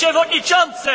przewodniczący!